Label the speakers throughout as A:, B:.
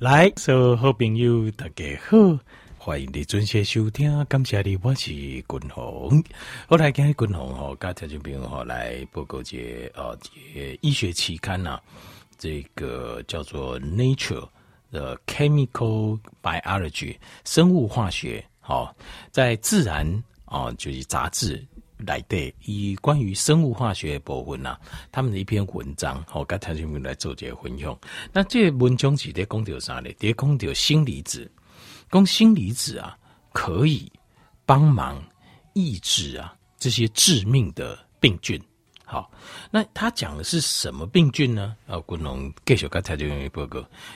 A: 來，所有好朋友，大家好，歡迎你準時收聽，感謝你，我是軍宏。好來今天紅，來跟軍宏哈，跟聽眾朋友哈，來報告一個啊，一個醫學期刊吶、啊，這個叫做《Nature》的 Chemical Biology 生物化學，好，在自然啊，就是雜誌。來的以關於生物化學的部分吶、啊，他們的一篇文章，好、喔，剛才就用來做這個分用。那這個文章是在空調上的，碟空是鋅離子，供鋅離子啊，可以幫忙抑制啊這些致命的病菌。好，那他講的是什麼病菌呢？啊，古農介紹剛才就用一個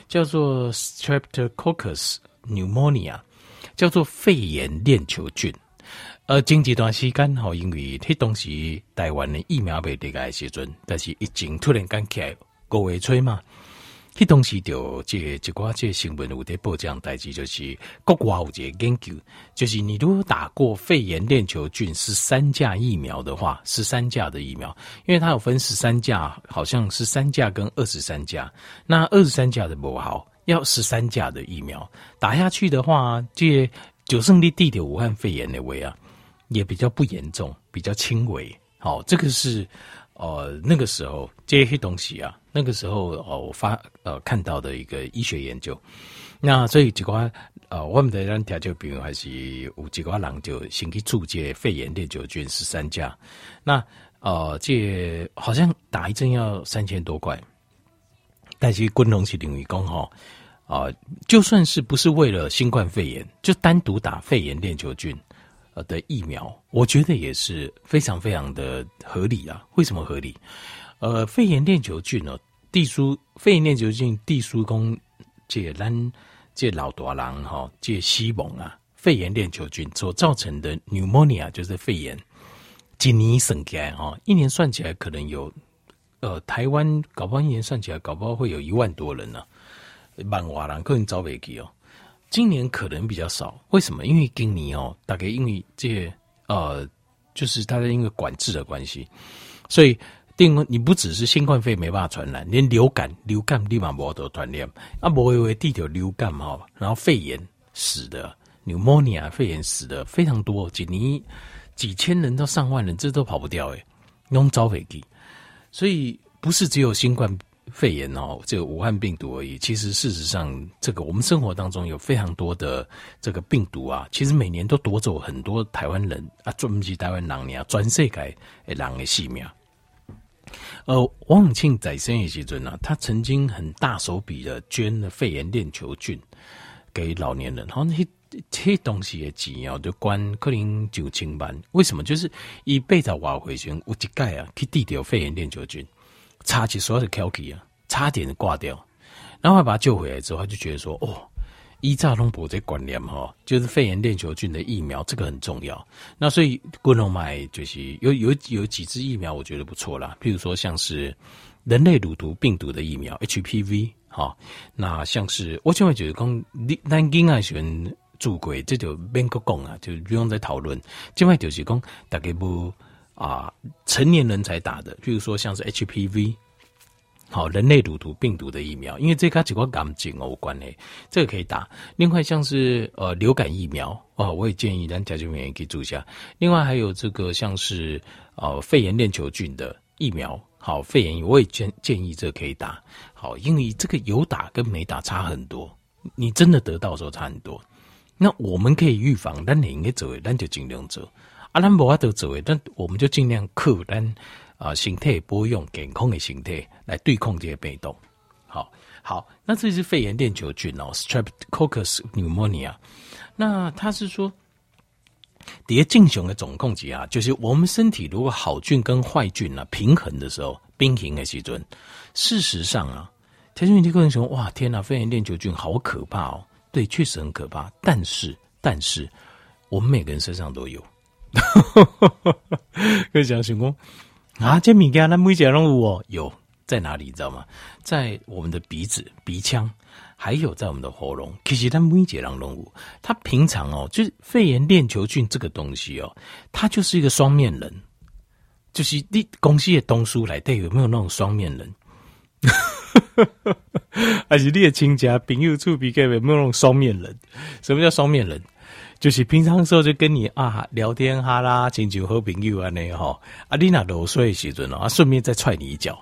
A: 叫做 Streptococcus pneumonia，叫做肺炎鏈球菌。而近、呃、一段時間，吼，因為迄當時台灣的疫苗未解時陣，但是疫情突然間起，來，各位吹嘛，迄當時就即即寡即新聞有在報這樣代志，就是國外有一個研究，就是你如果打過肺炎鏈球菌十三價疫苗的話，十三價的疫苗，因為它有分十三價，好像十三價跟二十三價，那二十三價的不好，要十三價的疫苗打下去的話，這九勝的地鐵武漢肺炎那位啊。也比較不嚴重，比較輕微。哦，這個是呃那個時候這些東西啊，那個時候哦，我發呃看到的一個醫學研究。那所以幾塊呃我，知我們的研究，比如還是有幾個人就先去注射肺炎鏈球菌十三價。那呃這好像打一針要三千多塊，但是功能是等於工。好、呃、啊，就算是不是為了新冠肺炎，就單獨打肺炎鏈球菌。呃的疫苗，我覺得也是非常非常的合理啊。為什麼合理？呃，肺炎鏈球菌哦、喔，致死肺炎鏈球菌致死公這些人、喔，這些老大人哈這些西蒙啊，肺炎鏈球菌所造成的 pneumonia 就是肺炎，今年算起來哈一年算起來可能有呃台灣搞不好一年算起來搞不好會有一萬多人呢、啊，萬華人可能袂不哦、喔。今年可能比較少，為什麼？因為今年哦，大概因為這些呃，就是大家因為管制的關係，所以定你不只是新冠肺炎沒辦法傳染，連流感、流感立馬得傳染。啊，不會為地球流感然後肺炎死的，pneumonia 肺炎死的非常多，幾年幾千人到上萬人，這都跑不掉誒、欸。弄遭飛機。所以不是只有新冠，肺炎哦，這個武漢病毒而已。其實，事實上，這個我們生活當中有非常多的這個病毒啊。其實每年都奪走很多台灣人啊，專門去台灣人啊，全世界的人的性命。呃，王永慶在生的時候呢，他曾經很大手筆的捐了肺炎鏈球菌給老年人。好，這些東西也重要，就關克林九千萬。為什麼？就是他一輩子挖回旋，有幾蓋啊？去地掉肺炎鏈球菌。差起所有的翹起啊，差點掛掉，然後把他救回來之後，他就覺得說：“哦，以早攏無這觀念吼、哦，就是肺炎鏈球菌的疫苗，這個很重要。那所以，國內買就是有有有幾支疫苗，我覺得不錯啦。譬如說，像是人類乳突病毒的疫苗 HPV 哈、哦，那像是我即滿就是講，南京啊喜歡注這就免閣講啊，就不用再討論。即滿就是講，大家不。”啊、呃，成年人才打的，譬如說像是 H P V，好，人類乳頭病毒的疫苗，因為這個只跟宮頸有關嘞，這個可以打。另外像是呃流感疫苗啊、哦，我也建議大家就也可以做一下。另外還有這個像是呃肺炎鏈球菌的疫苗，好，肺炎我也建建議這個可以打好，因為這個有打跟沒打差很多，你真的得到的時候差很多。那我們可以預防以，但你應該做，那就盡量做。阿拉博，阿德、啊、做誒，但我們就盡量酷，但啊，身態不用健康的身態來對抗這些被動。好，好，那這是肺炎鏈球菌哦、喔、Streptococcus pneumonia。那他是說，第一進熊的總控級啊，就是我們身體如果好菌跟壞菌啊平衡的時候，平衡的基準。事實上啊，田俊宇，你可能說哇，天吶、啊，肺炎鏈球菌好可怕哦、喔。對，確實很可怕。但是，但是，我們每個人身上都有。哈哈哈哈哈！跟 想說啊，這米家那每一個人都有哦，有在哪裡你知道嗎？在我們的鼻子、鼻腔，還有在我們的喉嚨。可是那每一個人都有，他平常哦，就是肺炎鏈球菌這個東西哦，他就是一個雙面人。就是你公司的同事來，對，有沒有那種雙面人？ 還是你的親家朋友，厝邊，隔壁，有沒有那種雙面人？什麼叫雙面人？就是平常的時候就跟你啊聊天哈啦，親像好朋友安尼哈，啊你那揉搓的時陣咯啊順便再踹你一腳，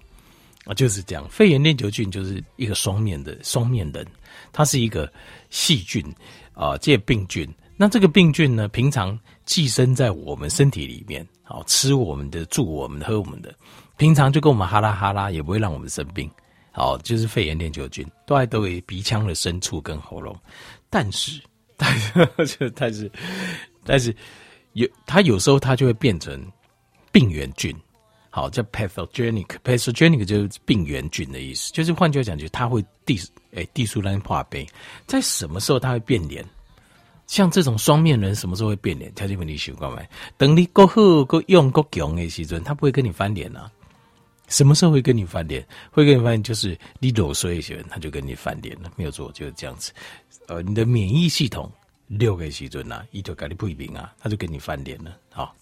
A: 啊就是這樣。肺炎鏈球菌就是一個雙面的雙面人，它是一個細菌啊，借病菌。那這個病菌呢，平常寄生在我們身體裡面，啊，吃我們的，住我們的，喝我們的，平常就跟我們哈啦哈啦，也不會讓我們生病。好、啊，就是肺炎鏈球菌都愛都給鼻腔的深處跟喉嚨，但是。 但是，但是，但是，有他有時候他就會變成病原菌，好，叫 pathogenic，pathogenic path 就是病原菌的意思，就是換句話講，就是他會地誒、欸、地素蘭化唄，在什麼時候他會變臉？像這種雙面人，什麼時候會變臉？你喜歡等你過好過用過強的時陣，他不會跟你翻臉吶、啊。什麼時候會跟你翻臉？會跟你翻臉，就是你囉嗦一些，他就跟你翻臉了。沒有錯，就是這樣子。呃，你的免疫系統六個基準啊，一九概的不一零啊，他就跟你，就跟你翻臉了。好，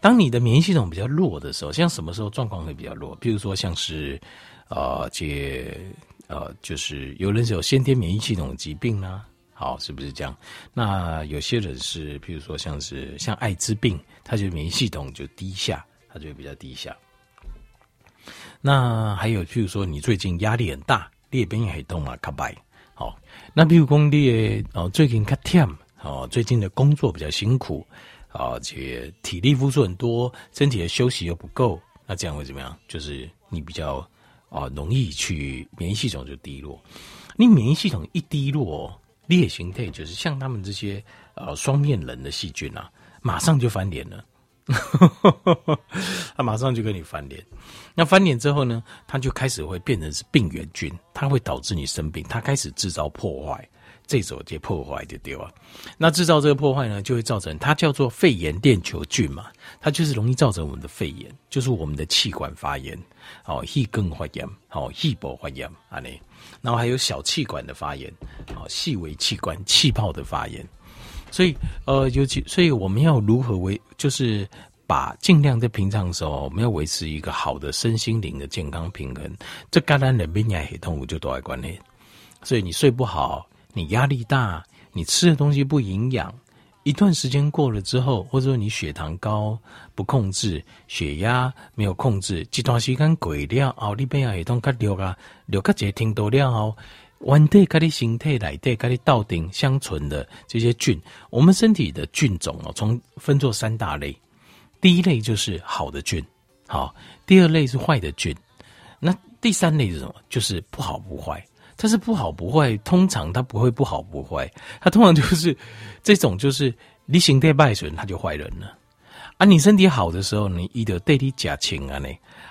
A: 當你的免疫系統比較弱的時候，像什麼時候狀況會比較弱？比如說像是啊，這呃，呃，就是有人是有先天免疫系統的疾病呢、啊。好，是不是這樣？那有些人是，比如說像是像艾滋病，他就免疫系統就低下，他就會比較低下。那還有，就是說，你最近壓力很大，裂變也很痛啊，卡拜。好，那比如工地哦，最近卡忝哦，最近的工作比較辛苦，而且體力付出很多，身體的休息又不夠，那這樣會怎麼樣？就是你比較容易去免疫系統就低落。你免疫系統一低落，裂形態就是像他們這些雙面人的細菌啊，馬上就翻臉了。哈哈哈，他、 啊、馬上就跟你翻臉，那翻臉之後呢，他就開始會變成是病原菌，它會導致你生病，它開始製造破壞，這時候就破壞的對吧。那製造這個破壞呢，就會造成它叫做肺炎鏈球菌嘛，它就是容易造成我們的肺炎，就是我們的氣管發炎，哦、喔，一根發炎，哦、喔，一波發炎，啊，你，然後還有小氣管的發炎，哦、喔，細微氣管氣泡的發炎。所以，呃，尤其，所以我們要如何維，就是把盡量在平常的時候，我們要維持一個好的身心靈的健康平衡。這噶單人變樣黑痛我就都愛觀念。所以你睡不好，你壓力大，你吃的東西不營養，一段時間過了之後，或者說你血糖高不控制，血壓沒有控制，這段時間鬼料，奧利貝亞也東卡丟噶，丟個節聽多量哦。穩定咖喱形態，來得咖喱道底相存的這些菌，我們身體的菌種從、喔、分作三大類。第一類就是好的菌，好；第二類是壞的菌，那第三類是什麼？就是不好不壞。但是不好不壞，通常它不會不好不壞，它通常就是這種，就是你形態敗損，它就壞人了。啊，你身體好的時候，你 eat 的對的加情。啊，你。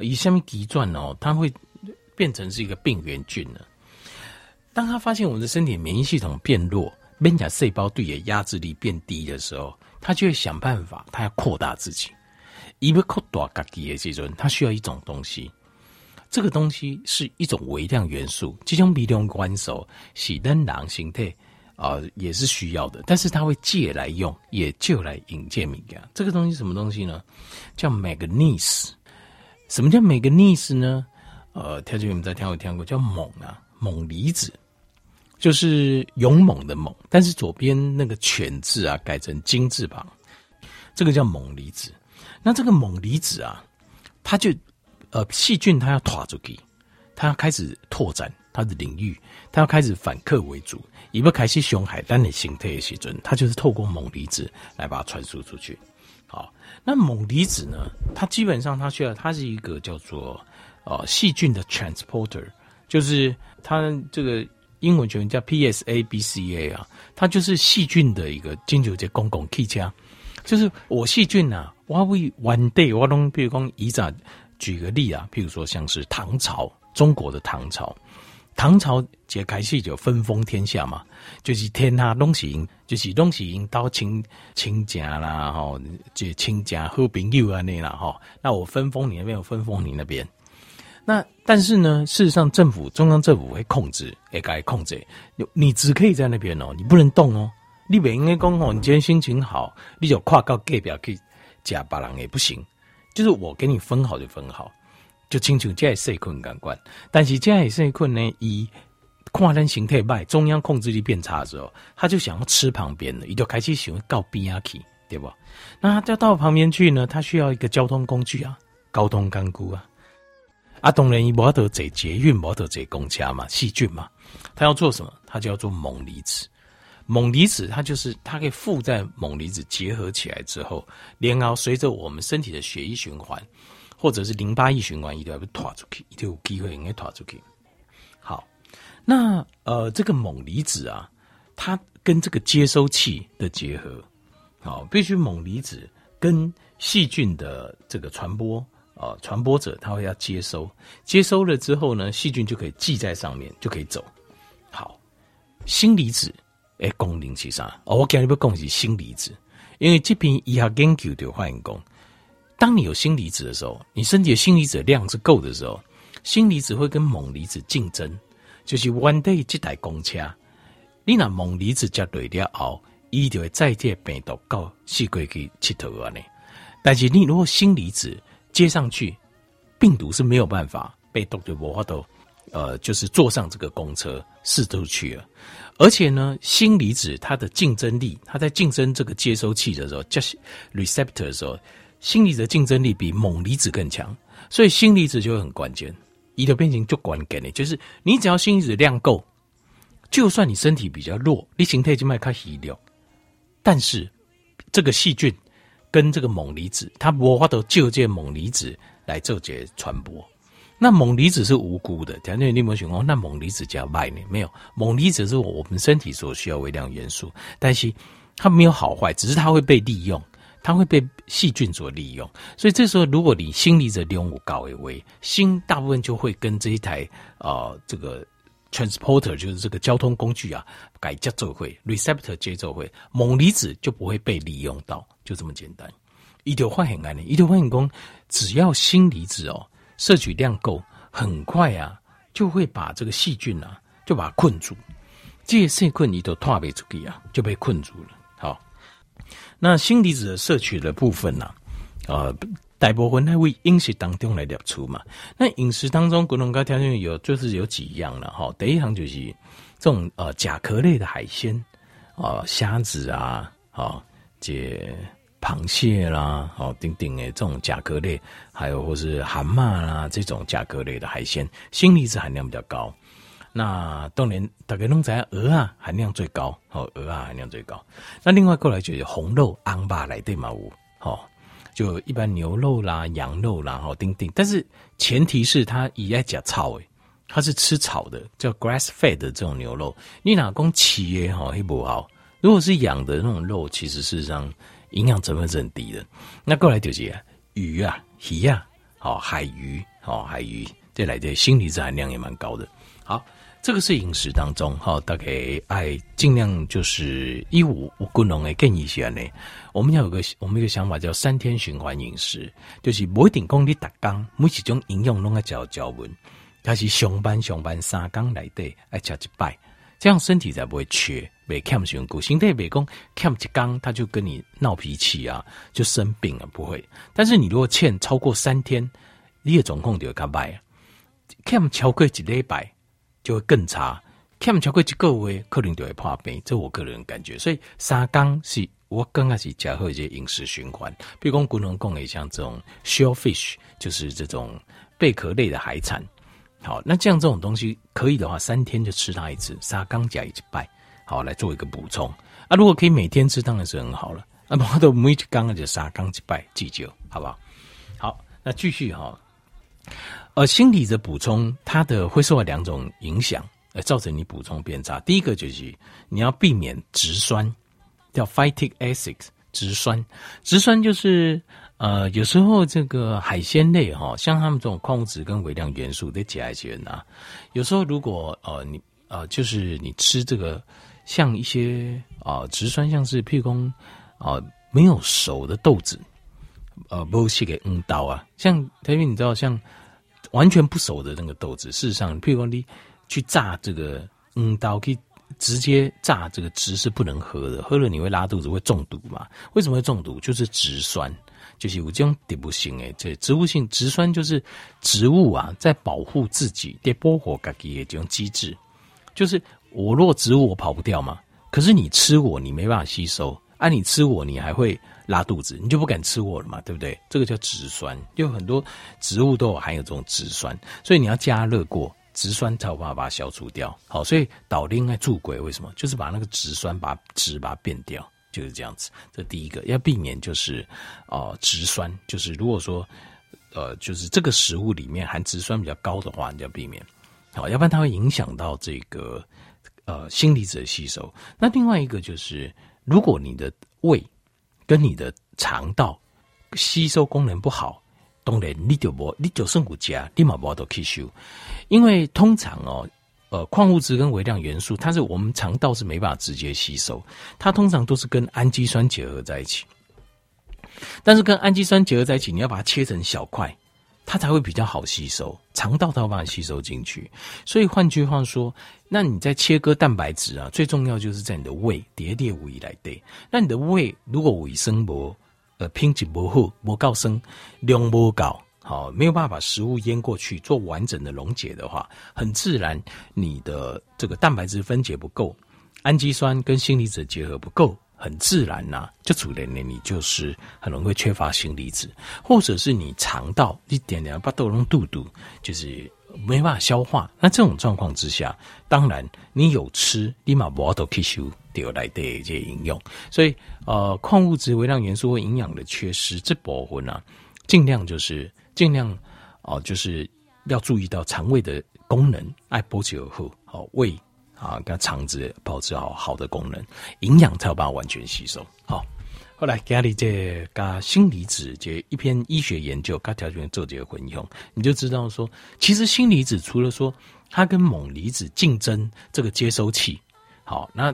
A: 以下面急轉哦，它會變成是一個病原菌了。當他發現我們的身體的免疫系統變弱，免疫細胞對的壓制力變低的時候，他就會想辦法，它要擴大自己。一不擴大，個底的細菌，它需要一種東西。這個東西是一種微量元素，這種微量元素喜登狼心態啊也是需要的，但是他會借來用，也就來引薦名個。這個東西什麼東西呢？叫 Magnes。什麼叫每個 n e 呢？呃，跳進我們在跳舞聽過叫錳啊，錳離子，就是勇猛的猛，但是左邊那個犬字啊改成金字旁，這個叫錳離子。那這個錳離子啊，它就呃細菌它要拖住給，它要開始拓展它的領域，它要開始反客為主，一不開心熊海但你形態的細菌，它就是透過錳離子來把它傳輸出去。好，那錳離子呢？它基本上它需要，它是一個叫做，呃，細菌的 transporter，就是它這個英文全名叫 PSABCA 啊，它就是細菌的一個金球節公共 k e 啊，就是我細菌吶、啊，我為 one day 我攏，比如講以咋舉個例啊，譬如說像是唐朝，中國的唐朝。唐朝解開戲就分封天下嘛，就是天下東西，就是東西到親親家啦吼，就親家和朋友啊，那啦吼，那我分封你那邊，我分封你那邊。那但是呢，事實上政府中央政府會控制，會該控制你。你只可以在那邊哦、喔，你不能動哦、喔。你別應該講哦，你今天心情好，你就跨到隔壁去假巴人也不行。就是我給你分好就分好。就清楚這些感官，但是這些感官呢，以跨張形態賣，中央控制力變差的時候，他就想要吃旁邊的，也就開始想到邊上去，對吧？那他到旁邊去呢，他需要一個交通工具啊，交通工具啊，啊，當然摩托車、捷運、摩托車、公車嘛，細菌嘛，他要做什麼？他就要做錳離子，錳離子，它就是它可以附在錳離子結合起來之後，然後隨着我們身體的血液循環。或者是淋巴液循環一定要拖出去，一定有機會應該拖出去。好，那呃，這個錳離子啊，它跟這個接收器的結合，好，必須錳離子跟細菌的這個傳播啊，呃，傳播者它會要接收，接收了之後呢，細菌就可以繫在上面就可以走。好，鋅離子哎，汞零七三，我今天要講的是鋅離子，因為這篇醫學研究就歡迎講。當你有鋅離子的時候，你身體的鋅離子量是夠的時候，鋅離子會跟錳離子競爭，就是 one day 這台公車，你拿錳離子接對了後，伊就會再借病毒到細菌去乞頭啊呢。但是你如果鋅離子接上去，病毒是沒有辦法被凍結，我話都，呃，就是坐上這個公車四處去了。而且呢，鋅離子它的競爭力，它在競爭這個接收器的時候，就是 receptor 的時候。鋅離子的競爭力比錳離子更強，所以鋅離子就會很關鍵。移掉變形就管給你，就是你只要鋅離子量夠，就算你身體比較弱，你形態就賣開始移。但是這個細菌跟這個錳離子，它無法得就借錳離子來做些傳播。那錳離子是無辜的，條件，你有沒有想過那錳離子就要賣呢，沒有。錳離子是我們身體所需要微量元素，但是它沒有好壞，只是它會被利用。它會被細菌所利用，所以這時候如果你鋅離子的量不高，一些鋅大部分就會跟這一台，呃這個 transporter 就是這個交通工具啊，改接就會 receptor 接受會錳離子就不會被利用到，就這麼簡單。一丟壞很安利，一丟壞很工，只要鋅離子哦攝取量夠，很快啊就會把這個細菌吶、啊、就把它困住，這些細菌一丟脫不出去啊就被困住了。那鋅離子的攝取的部分呢、啊？啊、呃，大部分還會飲食當中來列出嘛。那飲食當中，各種高條件有，就是有幾樣了哈。第一行就是這種呃甲殼類的海鮮，啊、呃，蝦子啊，啊、哦，這螃蟹啦，哦，丁丁哎，這種甲殼類，還有或是蛤蟆啦，這種甲殼類的海鮮，鋅離子含量比較高。那當然大家攏知鵝啊含量最高，好鵝啊含量最高。那另外過來就是紅肉安巴來對嘛無，好就一般牛肉啦，羊肉啦，好，哦，丁丁。但是前提是它以在吃草誒，它是吃草的，叫 grass fed 的這種牛肉，你哪公切好黑不好？如果是養的那種肉，其實事實上營養成分是很低的。那過來就是魚啊、魚啊，好，哦，海魚，好，哦，海魚，這來的鋅離子含量也蠻高的，好。這個是飲食當中哈，大家愛盡量就是一五五個農誒建議呢，我們要有個我們有個想法叫三天循環飲食，就是不一定說你每一點工你打工每一種營養攏愛嚼嚼完。但是上班上班三工來的愛吃一擺，這樣身體才不會缺。被欠循環工，身體不會講欠一工，他就跟你鬧脾氣啊，就生病啊，不會。但是你如果欠超過三天，你的狀況就會較壞。欠超過一禮拜就會更差，欠超過一個月，可能就會破病。這是我個人的感覺，所以沙缸是我剛開始加和一些飲食循環。比如說古農貢誒，像這種 shellfish，就是這種貝殼類的海產。好，那這樣這種東西可以的話，三天就吃它一次，沙缸加一次拜，好，來做一個補充。啊，如果可以每天吃，當然是很好了。啊，不過都每一天就三缸一拜祭酒，好不好？好，那繼續哈。呃，鋅離子的補充，它的會受到兩種影響，而造成你補充變差。第一個就是你要避免植酸，叫 phytic acid，植酸。植酸就是呃，有時候這個海鮮類哈、哦，像他們這種礦物質跟微量元素都起來些吶。有時候如果呃你呃，就是你吃這個像一些啊植、呃、酸，像是譬如說啊、呃、沒有熟的豆子，呃，不要去給硬刀啊。像因為你知道像。完全不熟的那個豆子，事實上，譬如說你去炸這個，嗯，刀可以直接炸這個汁，是不能喝的，喝了你會拉肚子，會中毒嘛？為什麼會中毒？就是植酸，就是我這樣滴不行哎，這植物性植酸就是植物啊，在保護自己，在保護自己的這種機制，就是我若植物我跑不掉嘛，可是你吃我，你沒辦法吸收，啊，你吃我，你還會。拉肚子，你就不敢吃我了嘛，對不對？這個叫植酸，有很多植物都有含有這種植酸，所以你要加熱過，植酸才有辦法把它消除掉。好，所以導應該注鬼，為什麼？就是把那個植酸把植把它變掉，就是這樣子。這第一個要避免就是啊、呃、植酸，就是如果說呃就是這個食物裡面含植酸比較高的話，你就要避免，好，要不然它會影響到這個呃鋅離子的吸收。那另外一個就是如果你的胃。跟你的腸道吸收功能不好，當然你就不，你就算有吃，你也沒辦法吸收。因為通常哦，呃，礦物質跟微量元素，它是我們腸道是沒辦法直接吸收，它通常都是跟氨基酸結合在一起。但是跟氨基酸結合在一起，你要把它切成小塊。它才會比較好吸收，腸道它會把它吸收進去。所以換句話說，那你在切割蛋白質啊，最重要就是在你的胃、疊疊列胃來對。那你的胃如果胃生膜呃品質不厚膜高升，量不高，好、哦、沒有辦法把食物醃過去做完整的溶解的話，很自然你的這個蛋白質分解不夠，氨基酸跟鋅離子結合不夠。很自然吶、啊，這組人呢，你就是很容易缺乏鋅離子，或者是你腸道一點點巴豆蓉肚肚，就是沒辦法消化。那這種狀況之下，當然你有吃立馬摩豆吸收丟來的這些營養。所以呃，礦物質、微量元素、和營養的缺失，這部分呢、啊，盡量就是盡量啊、呃，就是要注意到腸胃的功能，愛多久喝好、呃、胃。啊，跟腸子保持好好的功能，營養才有辦法完全吸收。好，後來加裡這加鋅離子這一篇醫學研究，他條件做結婚用，你就知道說，其實鋅離子除了說它跟錳離子競爭這個接收器，好，那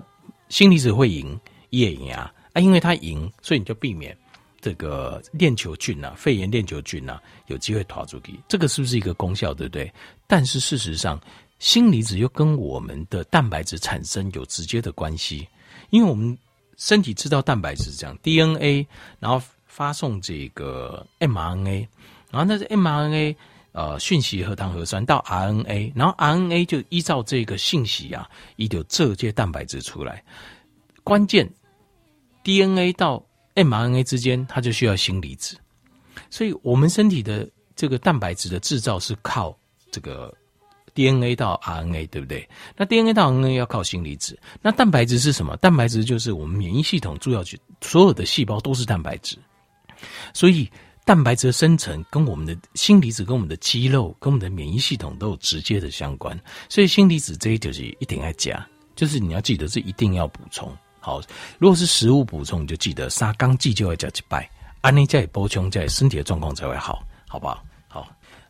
A: 鋅離子會贏，也贏啊，啊，因為它贏，所以你就避免這個鏈球菌吶、啊、肺炎鏈球菌吶、啊、有機會逃出去，這個是不是一個功效，對不對？但是事實上。鋅離子又跟我們的蛋白質產生有直接的關係，因為我們身體製造蛋白質是這樣：DNA，然後發送這個 mRNA，然後那是 mRNA，呃，訊息核糖核酸到 RNA，然後 RNA 就依照這個信息啊，一條這些蛋白質出來。關鍵 DNA 到 mRNA 之間，它就需要鋅離子，所以我們身體的這個蛋白質的製造是靠這個。DNA 到 RNA 對不對？那 DNA 到 RNA 要靠鋅離子。那蛋白質是什麼？蛋白質就是我們免疫系統主要去，所有的細胞都是蛋白質。所以蛋白質的生成跟我們的鋅離子、跟我們的肌肉、跟我們的免疫系統都有直接的相關。所以鋅離子這一就是一定要加，就是你要記得是一定要補充。好，如果是食物補充，你就記得殺肛劑就要加幾百，安利在補充，在身體的狀況才會好，好不好？